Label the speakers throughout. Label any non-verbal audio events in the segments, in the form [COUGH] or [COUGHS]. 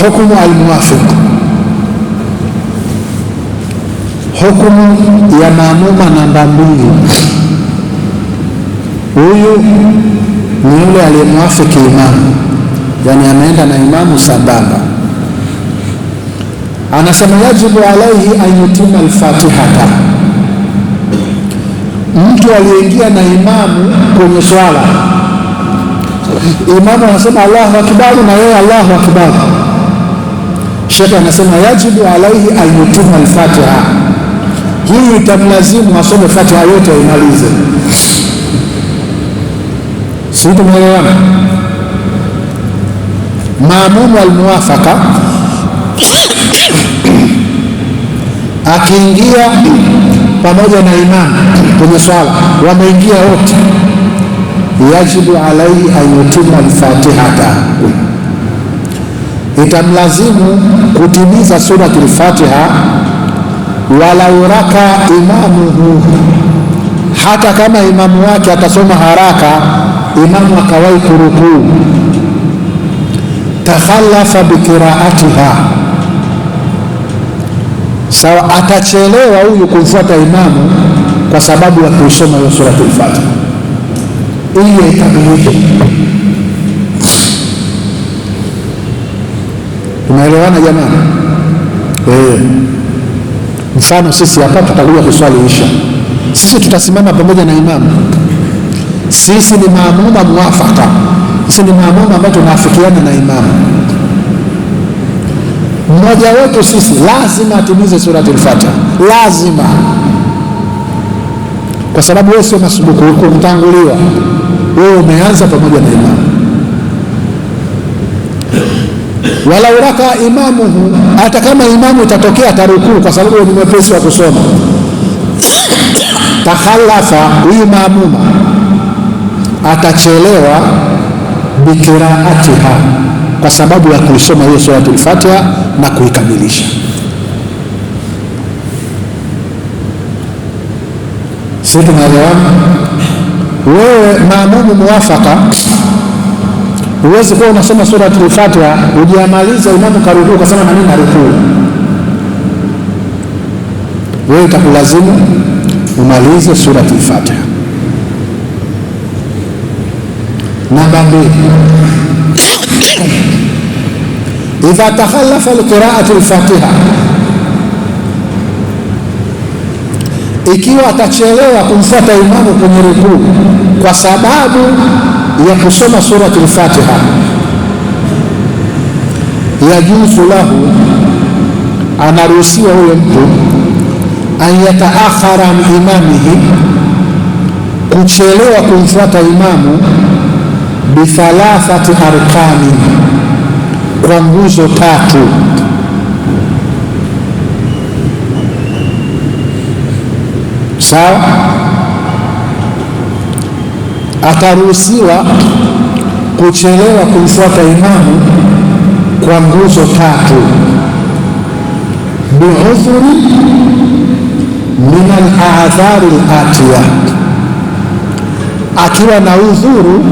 Speaker 1: hukumu almuwafiq, hukumu ya maamuma namba mbili. Huyu ni yule aliyemwafiki imamu, yani ameenda na imamu sambamba. Anasema yajibu alaihi an yutima alfatihata, mtu aliyeingia na imamu kwenye swala, imamu anasema Allahu akbar na yeye Allahu akbar Shekhe anasema yajibu alaihi anyutuma alfatiha, huyu itamlazimu asome fatiha yote aimalize. Situmuelewana maamumu almuwafaka akiingia pamoja na imam kwenye swala, wameingia wote, yajibu alaihi anyutuma alfatihata itamlazimu kutimiza suratul Fatiha walau raka imamuhu, hata kama imamu wake atasoma haraka, imamu akawahi kurukuu, takhalafa bikiraatiha, sawa, atachelewa huyu kumfuata imamu kwa sababu ya kuisoma hiyo suratul Fatiha ili ikamilike. Tumeelewana jamani? Eh, mfano sisi hapa tutakuja kuswali isha, sisi tutasimama pamoja na imamu. Sisi ni maamuma muwafaka, sisi ni maamuma ambayo tunaafikiana na imamu. Mmoja wetu sisi lazima atimize suratul Fatiha, lazima kwa sababu wewe sio masubuku, uko wewe, umeanza pamoja na imamu walau raka imamuhu, hata kama imamu itatokea atarukuu, kwa sababu ni mwepesi wa kusoma. Takhalafa, huyu maamuma atachelewa bikiraatiha, kwa sababu ya kuisoma hiyo suratul Fatiha na kuikamilisha. Sisi tunaelewana? Wewe maamumu muwafaka Huwezi kuwa unasoma Suratul Fatiha hujamaliza imamu karukuu ukasema na mimi narukuu. Wewe itakulazimu umalize Suratul Fatiha. Namba mbili, idha takhalafa alqira'atu alfatiha, ikiwa atachelewa kumfuata imamu kwenye rukuu kwa sababu ya kusoma surati al-Fatiha yajuzu lahu, anaruhusiwa huyo mtu an yataakhara an imamihi, kuchelewa kumfuata imamu bithalathati arkani, kwa nguzo tatu. Sawa ataruhusiwa kuchelewa kumfuata imamu kwa nguzo tatu, biudhuri min aladhari latiya, akiwa na udhuru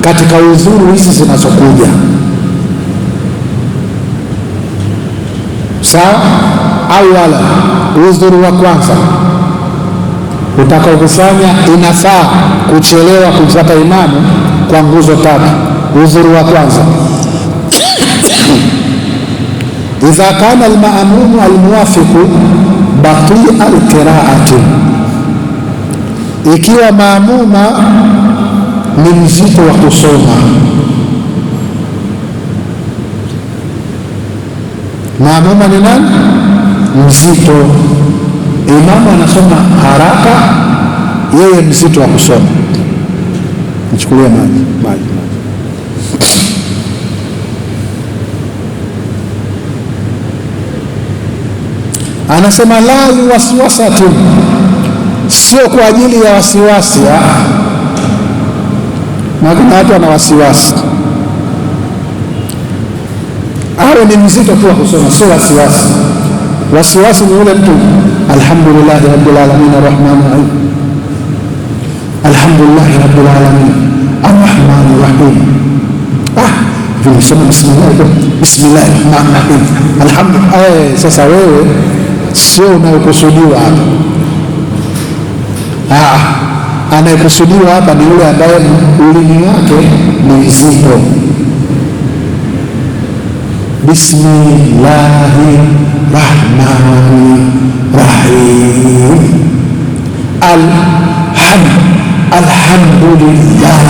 Speaker 1: katika udhuru hizi zinazokuja. Sawa au wala, udhuru wa kwanza utakaokufanya inafaa kuchelewa kumfuata imamu kwa nguzo tatu. Udhuru wa kwanza, idha kana almaamumu almuwafiqu batia alqiraati, ikiwa maamuma ni mzito wa kusoma, maamuma ni nani mzito Imamu anasoma haraka, yeye mzito wa kusoma. Nichukulie maji maji. Anasema la yuwaswasa tu, sio kwa ajili ya wasiwasi. Ah. Kuna watu wana wasiwasi, awe ni mzito tu wa kusoma, sio wasiwasi. Wasiwasi ni ule mtu alhamdulillahi rabbil alamin arrahmani rahim alhamdulillahi rabbil alamin arrahmani rahim. Ah, vimesema bismillah, bismillahi rahmani rahim, alhamdulillah. Eh, sasa wewe sio unayokusudiwa hapa. Ah, anayekusudiwa hapa ni yule ambaye ulimi wake ni zito Bismillahi rahmani rahim. Alhamdulillahi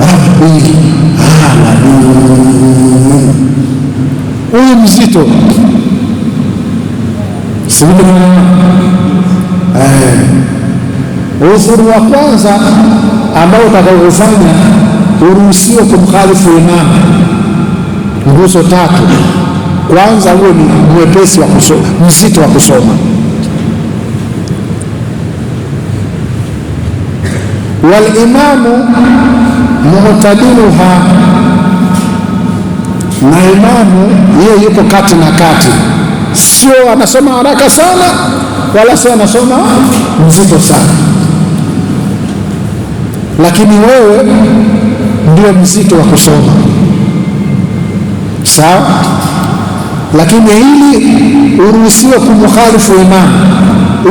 Speaker 1: rabbil alamin. Huyu mzito eh, udhuru wa kwanza ambao utakaofanya uruhusiwe kumkhalifu imama nguzo tatu. Kwanza uwe mwepesi wa kusoma, mzito wa kusoma. Walimamu muhtadiluha, na imamu yeye yuko kati na kati, sio anasoma haraka sana wala sio anasoma mzito sana, lakini wewe ndio mzito wa kusoma sawa, lakini hili uruhusiwe kumukhalifu imam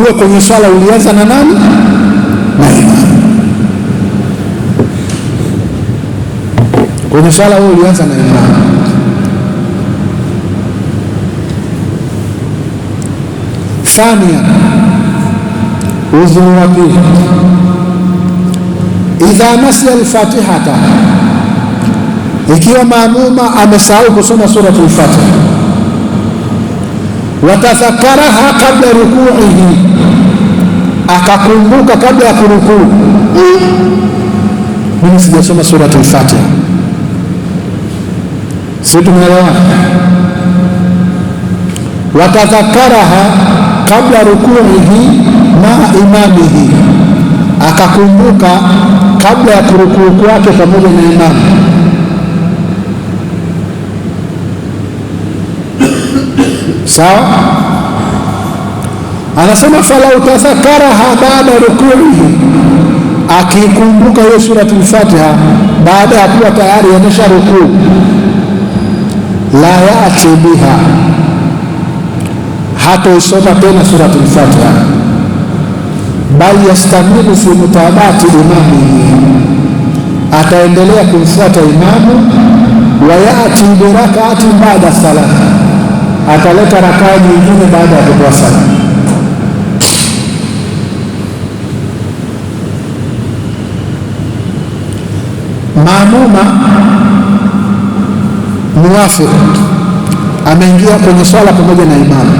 Speaker 1: uwe kwenye swala ulianza na nani na imam. kwenye swala wewe ulianza na imam. Thania, udhuru wa pili, idha nasiya alfatihata ikiwa maamuma amesahau kusoma suratul Fatiha, watadhakaraha kabla rukuihi, akakumbuka kabla ya kurukuu, mimi sijasoma suratul Fatiha. Si tumeelewa? Watadhakaraha kabla rukuihi maa imamihi, akakumbuka kabla ya kurukuu kwake pamoja na imamu Sawa, anasema falau tadhakaraha baada rukuihi, akikumbuka hiyo suratul Fatiha baada ya kuwa tayari yamesha rukuu, la yati biha, hatoisoma tena suratul Fatiha, bal yastamiru fi mutabati imamihi, ataendelea kumfuata imamu, wa yati birakaatin baada salah ataleta rakaa nyingine baada ya kutoa salamu. Maamuma muwafiq ameingia kwenye swala pamoja na imamu.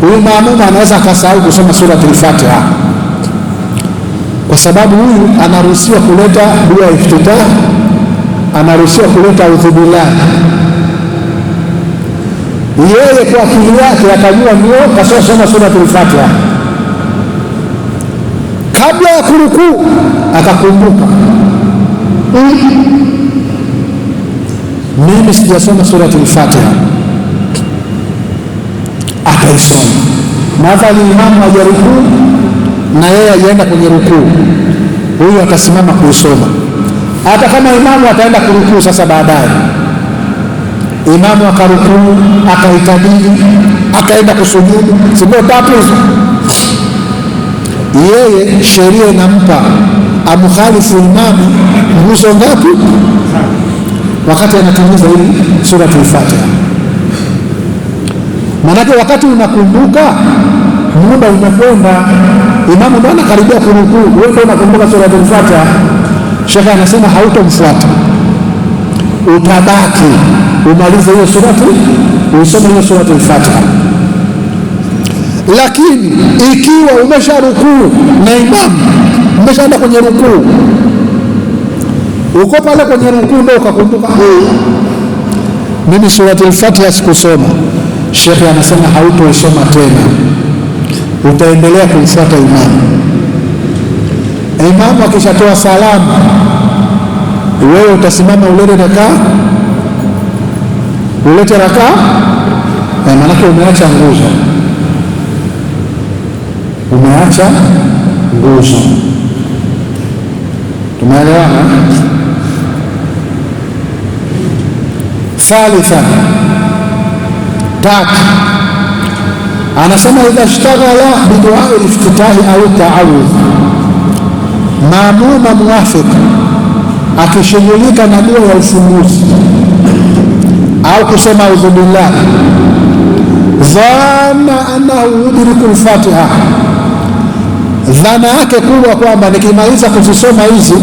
Speaker 1: Huyu maamuma anaweza akasahau kusoma surati fatiha kwa sababu huyu anaruhusiwa kuleta dua ya iftitah, anaruhusiwa kuleta audhu yeye kwa akili yake akajua mio kasosoma Suratul Fatiha kabla ya kurukuu akakumbuka, mimi sijasoma Suratul Fatiha, akaisoma madhali imamu hajarukuu na yeye ajaenda kwenye rukuu, huyu atasimama kuisoma, hata kama imamu ataenda kurukuu sasa baadaye Imamu akarukuu akaitadili akaenda kusujudu, sio tatu hizo. Yeye sheria inampa amukhalifu imamu nguzo ngapi wakati anatimiza hii sura tuifuate, Maanake wakati unakumbuka muda unakwenda, imamu ndo anakaribia kurukuu, wewe ndo unakumbuka sura tuifuate, Shekhe anasema hautomfuata utabaki umalize hiyo surati, usome hiyo surati al-Fatiha. Lakini ikiwa umesha rukuu na imamu, umeshaenda kwenye rukuu, uko pale kwenye rukuu ndio ukakumbuka, ah, mimi surati fatiha sikusoma. Shekhe anasema hautoisoma tena, utaendelea kumfuata imamu. Imamu akishatoa salamu wewe utasimama ulete rakaa, ulete rakaa, eh, maanake umeacha nguzo, umeacha nguzo. Tumeelewana? Thalitha, tatu, anasema idha shtaghala biduai liftitahi au taawudh maamuma muwafiq akishughulika na dua ya ufunguzi au kusema audhu dhana anahu annahu yudriku lfatiha, dhana yake kubwa kwamba nikimaliza kuzisoma hizi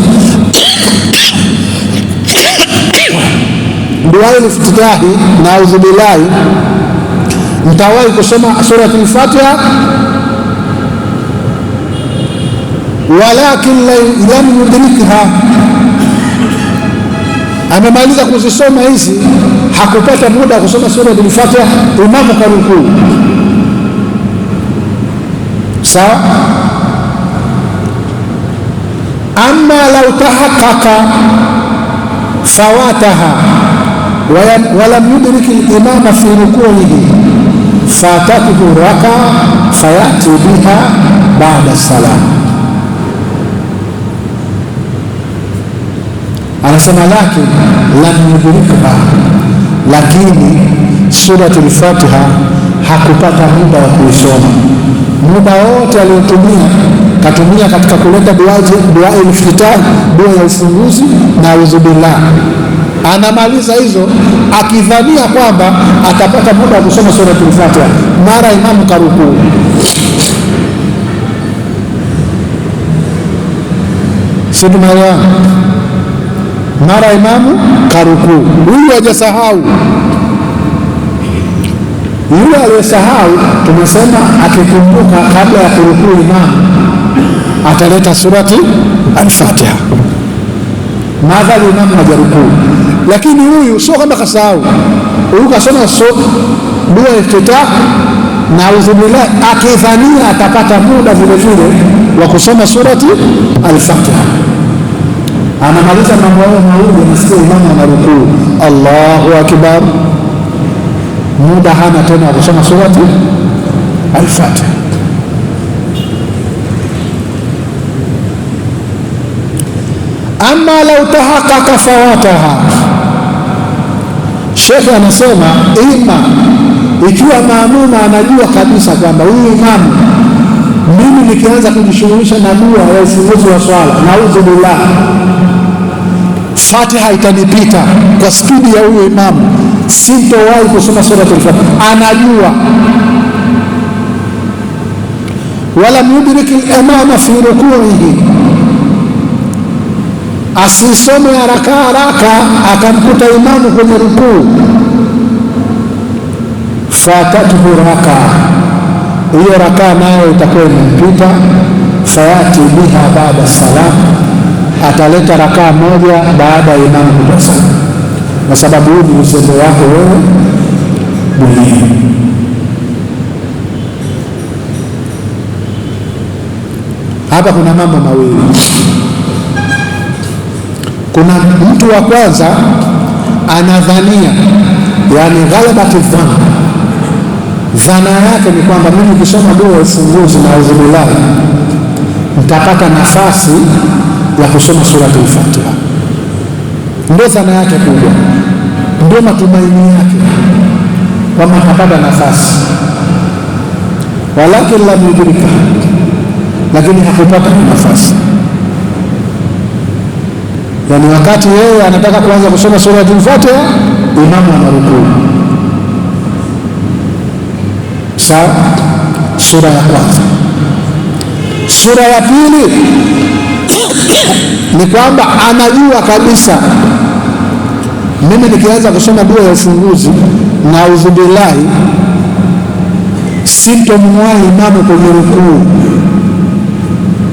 Speaker 1: [COUGHS] duai liftitahi na audhubillahi mtawahi ntawahi kusoma surati lfatiha walakin lam yudrikha amemaliza kuzisoma hizi hakupata muda wa kusoma sura Fatiha, imamu karukuu. Sawa. Amma lau tahaqqaqa fawataha walam al limama fi rukuihi fatatuhu rakaa fayati biha baada salam anasema laki lam lakini suratul Fatiha hakupata muda wa kuisoma. Muda wote aliotumia katumia katika kuleta dua ilfitari, dua ya ufunguzi na auzu billah. Anamaliza hizo akidhania kwamba atapata muda wa kusoma suratul Fatiha, mara imamu karukuu si tumaelewana mara imamu karukuu. Huyu hajasahau, yule aliyesahau tumesema akikumbuka kabla ya kurukuu imamu ataleta surati Alfatiha maadhali imamu hajarukuu. Lakini huyu sio kwamba kasahau, huyu kasoma so dua iftitah na udhubillahi, akidhania atapata muda vilevile wa kusoma surati Alfatiha anamaliza mambo hayo mawili, anasikia imamu anarukuu, Allahu akbar, muda hana tena akusoma surati Alfatiha. Ama lau tahaqqaqa fawataha, shekhe anasema ima ikiwa maamuma anajua kabisa kwamba huyu imamu, mimi nikianza kujishughulisha na dua ya ufunguzi wa swala, naudhu billah Fatiha itanipita kwa spidi ya huyo imamu, sintowahi kusoma suratul Fatiha. Anajua walam yudrik al fi rukuihi, asisome haraka haraka akamkuta imamu kwenye rukuu, fatathu raka hiyo rakaa nayo itakuwa imempita, fayati biha baada salam ataleta rakaa moja baada ya imamu kutosa, kwa sababu huu ni uzembe wako wewe mwenyewe. Hapa kuna mambo mawili. Kuna mtu wa kwanza anadhania, yani ghalabatu dhan, dhana yake ni kwamba mimi kisoma dua ya ufunguzi na audhubillahi ntapata nafasi la kusoma suratul al-Fatiha. Ndio dhana yake kubwa, ndio matumaini yake kwamba atapata nafasi, walakin lam yudrika, lakini hakupata nafasi. Yani wakati yeye anataka kuanza kusoma suratul al-Fatiha, imamu anarukuu. Sawa, sura ya kwanza. Sura ya pili ni kwamba anajua kabisa mimi nikianza kusoma dua ya ufunguzi na audhubillahi, sintomwahi imamu kwenye rukuu,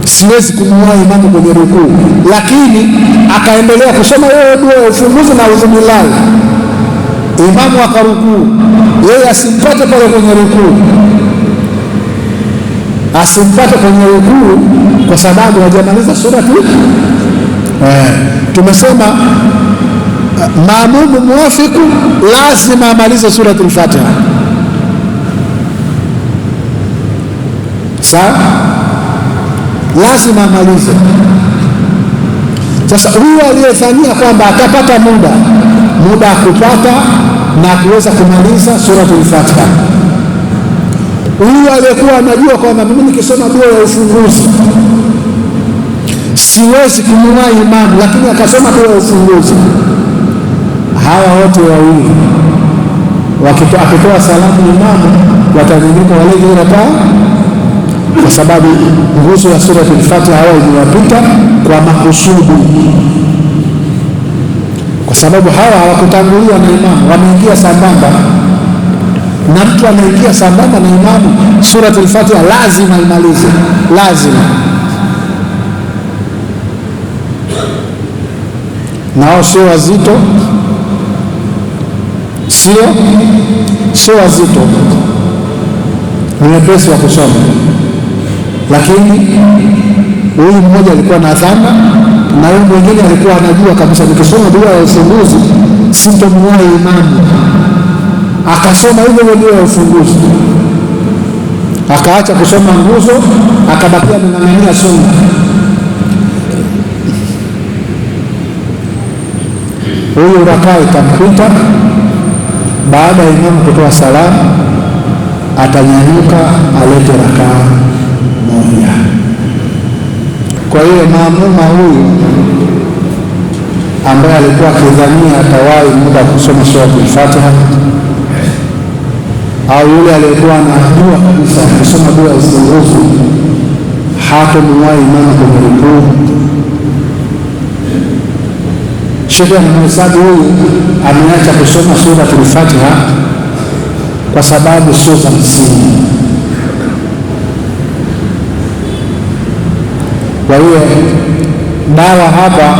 Speaker 1: siwezi kumwaa imamu kwenye rukuu, lakini akaendelea kusoma yeye dua ya ufunguzi na audhubillahi, imamu akarukuu, yeye asimpate pale kwenye rukuu, asimpate kwenye rukuu kwa sababu hajamaliza surati eh. Tumesema eh, maamumu muwafiku lazima amalize al Fatiha, Sa lazima amalize. Sasa huyu aliyedhania kwamba atapata muda muda kupata na kuweza kumaliza suratul Fatiha, huyu aliyekuwa anajua kwamba mimi nikisoma dua ya ufunguzi siwezi kununua imani, lakini akasema kwa ufunguzi. Hawa wote wawili akitoa salamu imamu watazunguka wale ghera, kwa sababu nguzo ya Suratul Fatiha hawa imewapita kwa makusudi, kwa sababu hawa hawakutangulia na imamu, wameingia sambamba na mtu anaingia sambamba na imamu, Suratul Fatiha lazima imalize, lazima nao sio wazito, sio sio wazito, ni wepesi wa kusoma. Lakini huyu mmoja alikuwa na dhana na huyu mwingine alikuwa anajua kabisa, nikisoma dua ya ufunguzi sintomuoa imani. Akasoma hivyo dua ya ufunguzi, akaacha kusoma nguzo, akabakia anang'ang'ania sunna Huyu rakaa itamkuta baada ya imamu kutoa salamu, atanyanyuka alete rakaa moja. Kwa hiyo maamuma huyu ambaye alikuwa akidhania atawahi muda wa kusoma suratul Fatiha au yule aliyekuwa anajua kabisa kusoma dua ya istighufu hatomwahi imamu kwenye rukuu shekhe anahesabu huyu ameacha kusoma Suratul Fatiha kwa sababu sio za msingi. Kwa hiyo dawa hapa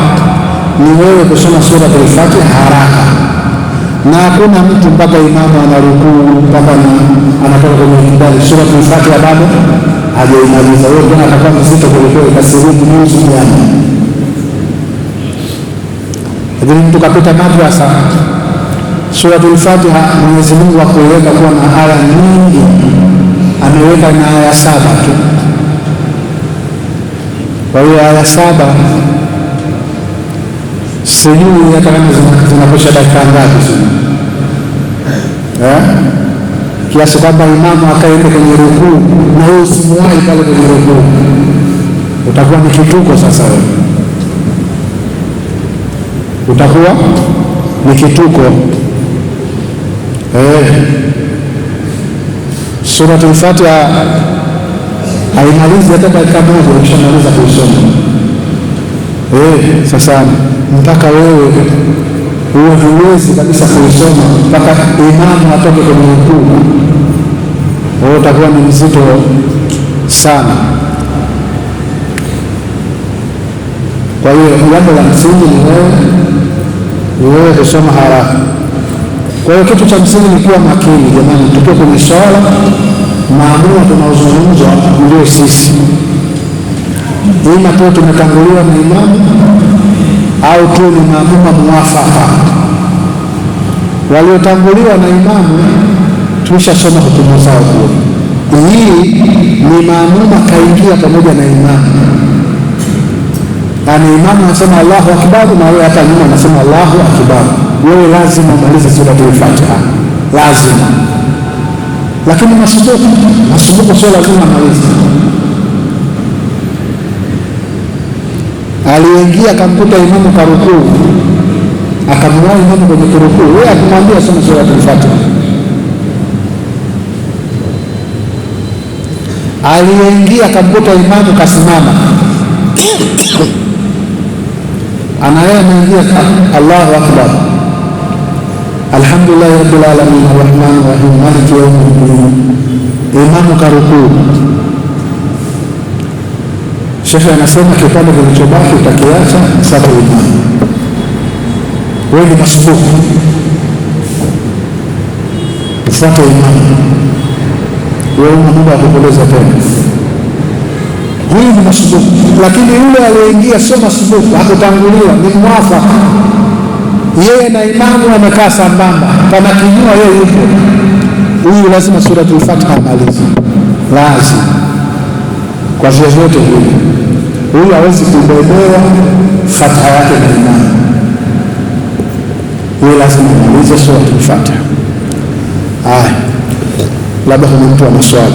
Speaker 1: ni wewe kusoma Suratul Fatiha haraka, na hakuna mtu mpaka imamu anarukuu mpaka anatoka kwenye kidali, Suratul Fatiha bado hajaimaliza. Wewe tena atakuwa mzito kwelikweli, kasiriku nyuzi jana lakini mtu kapita madrasa, Suratul Fatiha Mwenyezi Mungu akuiweka kuwa na aya nyingi, ameweka na aya saba tu. Kwa hiyo aya saba sijui hata kama zinakosha dakika ngapi, eh, kiasi kwamba imamu akaenda kwenye rukuu na yeye usimuwahi pale kwenye rukuu, utakuwa ni kituko sasa wewe utakuwa ni kituko. Eh, Suratul Fatiha haimalizi hata dakika moja, ukishamaliza kuisoma eh, sasa mpaka wewe huwe huwezi kabisa kuisoma mpaka imamu atoke kwenye ukuu, wewe utakuwa ni mzito sana. Kwa hiyo jambo la msingi ni wewe niwewe kusoma haraka. Kwa hiyo kitu cha msingi ni kuwa makini jamani, tukiwa kwenye swala, maamuma tunaozungumzwa ndio sisi, ima tuwe tumetanguliwa na imamu au tuwe ni maamuma muwafaka. Waliotanguliwa na imamu tulishasoma hukumu zao kuo Hii ni maamuma kaingia pamoja na imamu na imamu anasema Allahu akbar, na wewe hapa nyuma anasema Allahu akbar, wewe lazima umalize suratul Fatiha, lazima. Lakini masubuku masubuku sio lazima amalize. Aliingia akamkuta imamu karukuu, akamwona imamu kwenye kurukuu, wewe akamwambia soma suratul Fatiha. Aliingia akamkuta imamu kasimama anaye anayemwingia Allahu akbar, alhamdulillahi rabbil alamin arrahmani rahim maliki yaumiddin. Imamu karukuu, shekhe anasema kipande kilichobaki utakiacha sabu imani wewe ni masubuku, sasa imamu wewe una muda wa kukoleza tena huyu ni masubuhu lakini yule aliyeingia sio masubuhu hakutanguliwa, ni mwafaka. Yeye na imamu amekaa sambamba, panakinyua yeye yupo. Huyu lazima Suratul Fatiha amalize, lazima kwa vyovyote vile. Huyu hawezi kubebewa Fatiha yake na imamu, yeye lazima amalize Suratul Fatiha. Haya, labda kuna mtu wa maswali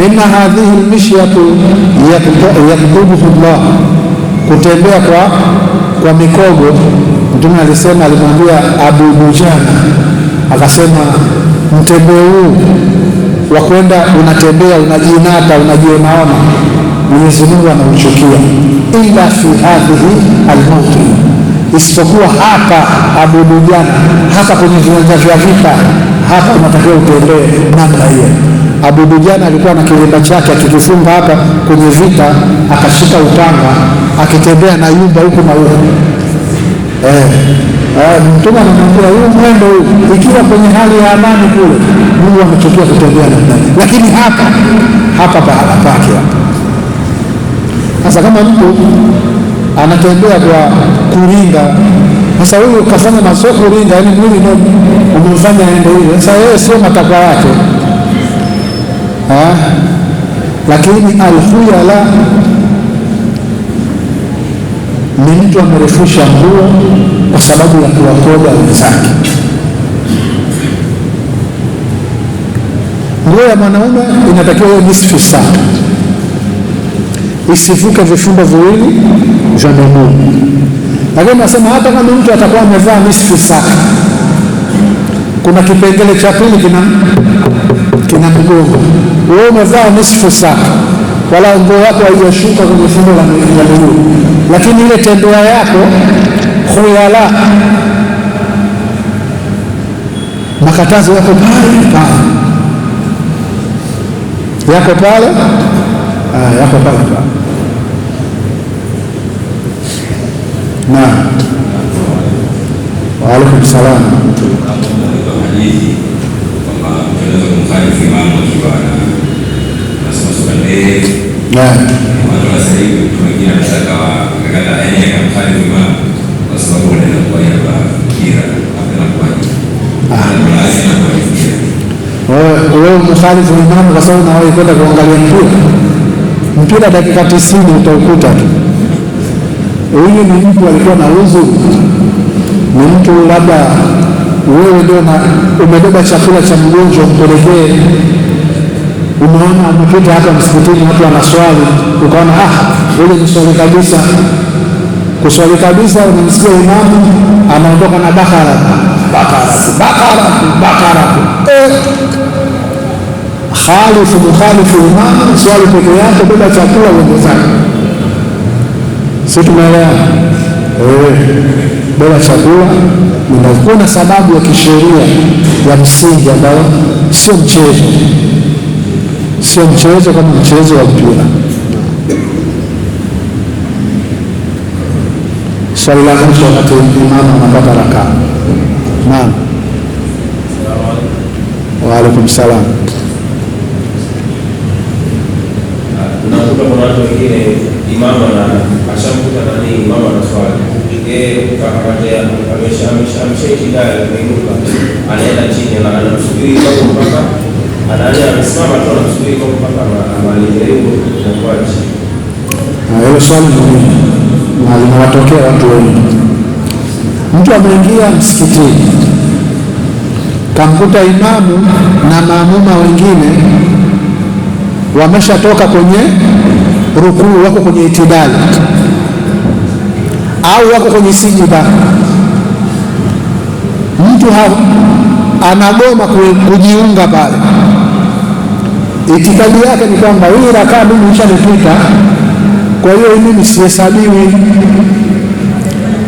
Speaker 1: inna hadhihi lmishyatu yakdubuhu llah, kutembea kwa, kwa mikogo. Mtume alisema alimwambia Abu Dujana akasema, mtembee huu wa kwenda unatembea unajinata unajionaona, Mwenyezi Mungu anauchukia. ila fi hadhihi almawti, isipokuwa hapa Abu Dujana, hasa kwenye viwanja vya vita, hapa unatakiwa utembee namna hiyo. Abudu jana alikuwa na kilemba chake akikifunga hapa kwenye vita, akashika upanga akitembea na yumba huku na huku eh. eh Mtume anamwambia huyu mwendo huu, ikiwa kwenye hali ya amani kule Mungu amechukia kutembea namna, lakini hapa hapa pahala pake hapa. Sasa kama mtu anatembea kwa kuringa sasa huyu kafanya masoko ringa, yani mwili umemfanya aende hivi. Sasa yeye sio matakwa yake ha? Lakini alhuyala ni mtu amerefusha nguo kwa sababu ya kuwakoga wenzake. Nguo ya mwanaume inatakiwa hiyo nisfu saa isivuke vifundo viwili vya miguu, lakini nasema hata kama mtu atakuwa amevaa nisfu saa, kuna kipengele cha pili kina kina mgongo wewe umevaa nusu saa, wala nguo yako haijashuka kwenye fundo la miguu, lakini ile tembea yako khuyala, makatazo yako pale pale, yako pale ah, yako pale pale na waalaikum salam
Speaker 2: tunaweza kumfanya imamu kwa sababu wanaenda
Speaker 1: wewe mkhalifu imamu kwa sababu unawahi kwenda kuangalia mpira mpira dakika tisini utaukuta tu. Huyu ni mtu alikuwa na uzu, ni mtu labda wewe ndio umebeba chakula cha mgonjwa mpelekee. Umeona, umepita hapa msikitini watu wanaswali, ukaona ah, ile ni swali kabisa, kuswali kabisa. Unamsikia imamu anaondoka na bakara bakara bakara bakara, eh, khalifu mukhalifu imamu, swali peke yake, beba chakula uende zake. Si tumeelewa eh? bora chakula ninakuwa na sababu ya kisheria ya msingi ambayo sio mchezo, sio mchezo kama mchezo wa mpira. Swali la mwisho wakati imama anapata rakaa. Naam, waalaikum salam.
Speaker 2: Unakuta kuna watu wengine imama na ashamkuta nani imama na swali anaenda chini, anamsubiri mpaka anaanza, tu, anamsubiri mpaka amalize na kuacha.
Speaker 1: swali na linawatokea watu wengi. Mtu ameingia msikitini kamkuta imamu na maamuma wengine wameshatoka kwenye rukuu, wako kwenye itidali au wako kwenye sijida, mtu anagoma kujiunga pale, itikadi yake ni kwamba hii rakaa mimi nishanipita, kwa hiyo mimi sihesabiwi.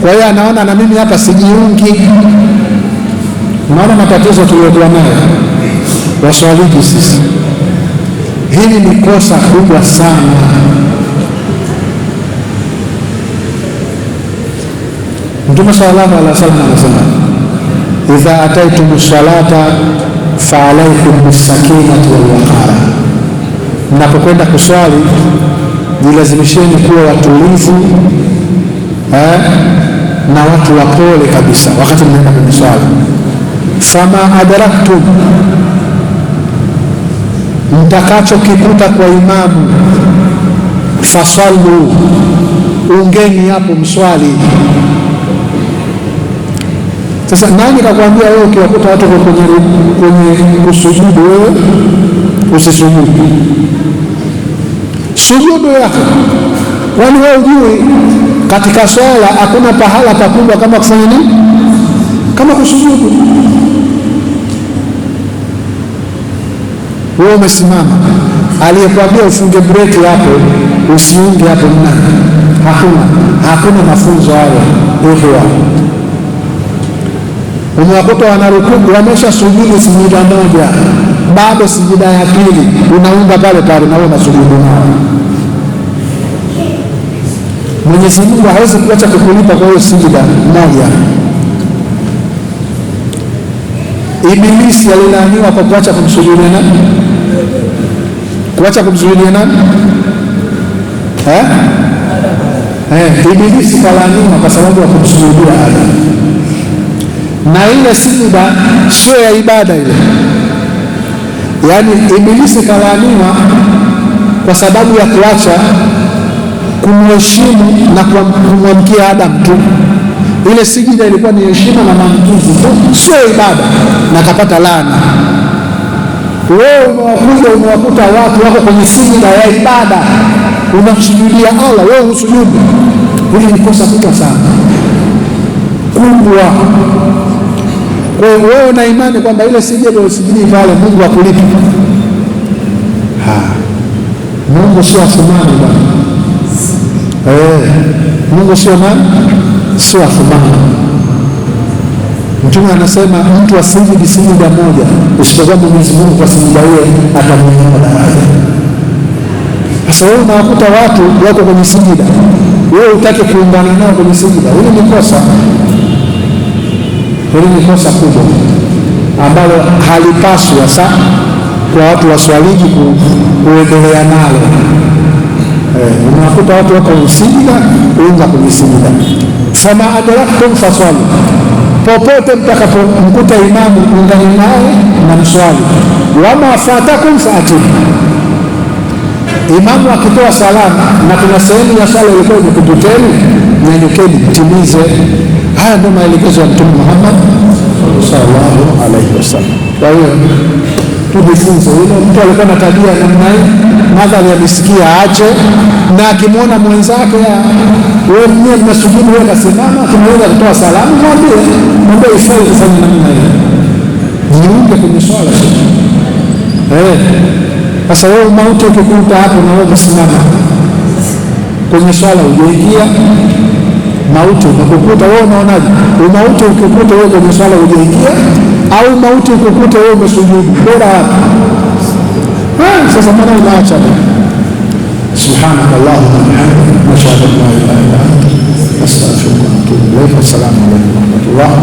Speaker 1: Kwa hiyo anaona na mimi hapa sijiungi. Maana matatizo tuliyokuwa nayo waswaliji sisi. Hili ni kosa kubwa sana. Mtume sallallahu alaihi wasallam anasema, idha ataitum salata fa alaikum wal waqara, mnapokwenda kuswali jilazimisheni kuwa watulivu eh, na watu wapole kabisa wakati mnaenda kwenye swala. Fama adraktum, mtakachokikuta kwa imamu, fasallu, ungeni hapo mswali sasa nani kakwambia wewe ukiwakuta watu kwenye kwenye kusujudu wewe usisujudu? Sujudu yako, kwani wewe ujui katika swala hakuna pahala pakubwa kama kufanya nini? Kama kusujudu. Wewe umesimama, aliyekwambia ufunge breki hapo usiunge hapo, mna hakuna hakuna mafunzo hayo, ndugu wangu umewakuta wanarukuku wamesha sujudu sijida moja, bado sijida ya pili unaunga pale pale, na wewe unasujudu nao. Mwenyezi Mungu hawezi kuacha kukulipa kwa hiyo sijida moja. Ibilisi alilaaniwa kwa kuacha kumsujudia nani? Kuacha kumsujudia nani? Eh? Eh, Ibilisi kalaaniwa kwa sababu ya kumsujudia Adam na ile sujuda sio ya ibada ile. Yaani Ibilisi kalaaniwa kwa sababu ya kuacha kumheshimu na kumwamkia Adamu tu. Ile sijida ilikuwa ni heshima na maamkizi tu, sio ibada, na kapata laana. Wewe umewakuja umewakuta watu wako kwenye sijida ya ibada, unamsujudia Allah, wewe husujudu. Hili ni kosa kubwa sana kubwa kwa hiyo wewe una imani kwamba ile sijida usijidi pale Mungu akulipe. Mungu sio afumani bwana. Eh, Mungu sio nani? Sio afumani. Mtume anasema mtu asijidi sijida moja, usipokuwa Mwenyezi Mungu kwa sijida hiyo atamwinua daraja. Sasa wewe unawakuta watu wako kwenye sijida, wewe utake kuungana nao kwenye sijida, hili ni kosa. Hili ni kosa kubwa ambalo halipaswi hasa kwa watu waswaliji kuendelea nalo. Eh, unakuta watu wako usijida unza kwenye sijida, fama adraktum faswali, popote mtakapomkuta imamu ungani naye na mswali, wama fatakum faatimu. Imamu akitoa salamu, na kuna sehemu ya sala ilikuwa imekututeni, nyanyukeni mtimize Haya ndio maelekezo ya Mtume Muhammad sallallahu alaihi wasallam. Kwa hiyo tujifunze hilo. Mtu alikuwa na tabia namna hii, madhara ya aache, na akimwona mwenzake wewe mwenyewe mnasujudu, wewe unasimama, akimweza kutoa salamu mwambie, mwambie ifai kufanya namna hii, jiunge kwenye swala eh. Sasa wewe mauti ukikuta hapo na wewe kusimama kwenye swala ujaingia mauti ukikukuta wewe unaonaje? Umauti ukikuta wewe kwenye swala hujaingia, au mauti ukikuta wewe umesujudu, bora wapi? Sasa mbona unaacha? Subhanakallahumma wa bihamdika, ashhadu an la ilaha illa anta, astaghfiruka wa atubu ilaik. Assalamu alaykum wa rahmatullah